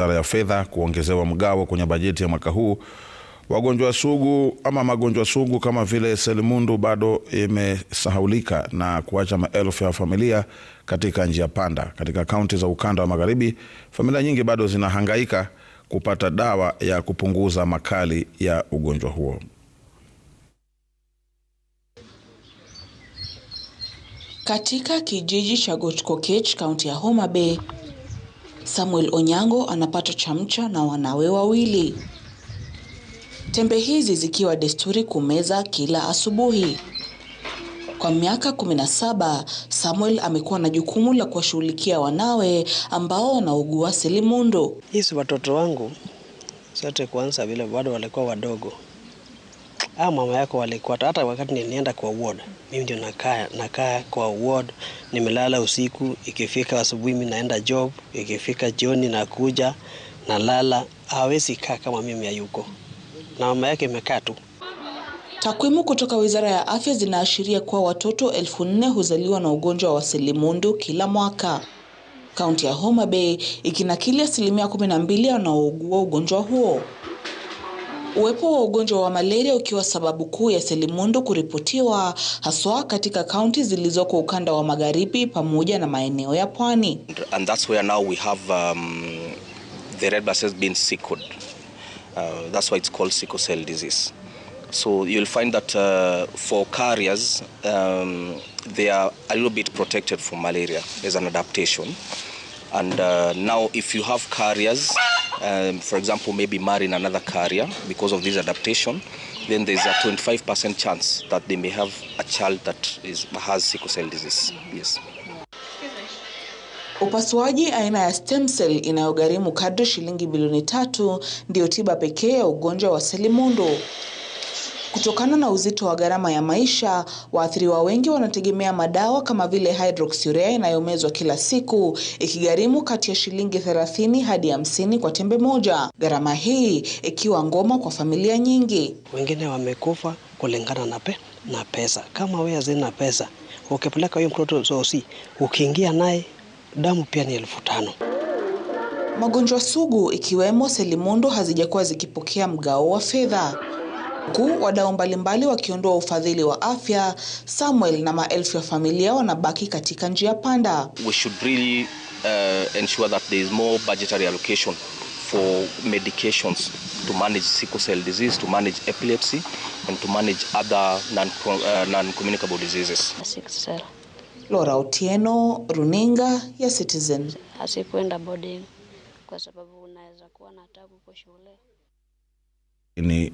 Wizara ya Fedha kuongezewa mgawo kwenye bajeti ya mwaka huu. Wagonjwa sugu ama magonjwa sugu kama vile selimundu bado imesahaulika na kuacha maelfu ya familia katika njia panda. Katika kaunti za ukanda wa magharibi, familia nyingi bado zinahangaika kupata dawa ya kupunguza makali ya ugonjwa huo. Katika kijiji cha Gotkokech, kaunti ya Homa Bay, Samuel Onyango anapata chamcha na wanawe wawili. Tembe hizi zikiwa desturi kumeza kila asubuhi. Kwa miaka 17, Samuel amekuwa na jukumu la kuwashughulikia wanawe ambao wanaugua selimundu. Hizi watoto wangu sote kwanza vile bado walikuwa wadogo au mama yako walikuwa hata wakati nilienda kwa ward, mimi ndio nakaa nakaa kwa ward, nimelala usiku, ikifika asubuhi mimi naenda job, ikifika jioni nakuja nalala. Hawezi kaa kama mimi hayuko na mama yake imekaa tu. Takwimu kutoka Wizara ya Afya zinaashiria kuwa watoto elfu nne huzaliwa na ugonjwa wa selimundu kila mwaka. Kaunti ya Homa Bay ikinakili asilimia 12 wanaougua ugonjwa huo. Uwepo wa ugonjwa wa malaria ukiwa sababu kuu ya selimundu kuripotiwa haswa katika kaunti zilizoko ukanda wa magharibi pamoja na maeneo ya pwani. And that's where now we have um, the red blood cells being sickled. Uh, that's why it's called sickle cell disease. So you'll find that uh, for carriers um, they are a little bit protected from malaria. as an adaptation. And uh, now if you have carriers um, for example, maybe marry in another career because of this adaptation, then there's a 25% chance that they may have a child that is, has sickle cell disease. Yes. Upasuaji aina ya stem cell inayogharimu kadri shilingi bilioni tatu ndiyo tiba pekee ya ugonjwa wa selimundu. Kutokana na uzito wa gharama ya maisha, waathiriwa wengi wanategemea madawa kama vile hydroxyurea inayomezwa kila siku ikigharimu kati ya shilingi 30 hadi 50 kwa tembe moja, gharama hii ikiwa ngoma kwa familia nyingi. Wengine wamekufa kulingana na, pe, na pesa. Kama wewe hazina pesa, ukipeleka huyo mtoto zosi, ukiingia naye damu pia ni elfu tano. Magonjwa sugu ikiwemo selimundu hazijakuwa zikipokea mgao wa fedha huku wadau mbalimbali wakiondoa ufadhili wa afya, Samuel na maelfu ya familia wanabaki katika njia panda. We should really uh, ensure that there is more budgetary allocation for medications to manage sickle cell disease, to manage epilepsy and to manage other uh, non-communicable uh, non diseases. Laura Otieno, Runinga ya Citizen. Asikwenda boarding kwa sababu unaweza kuwa na tabu kwa shule. Ni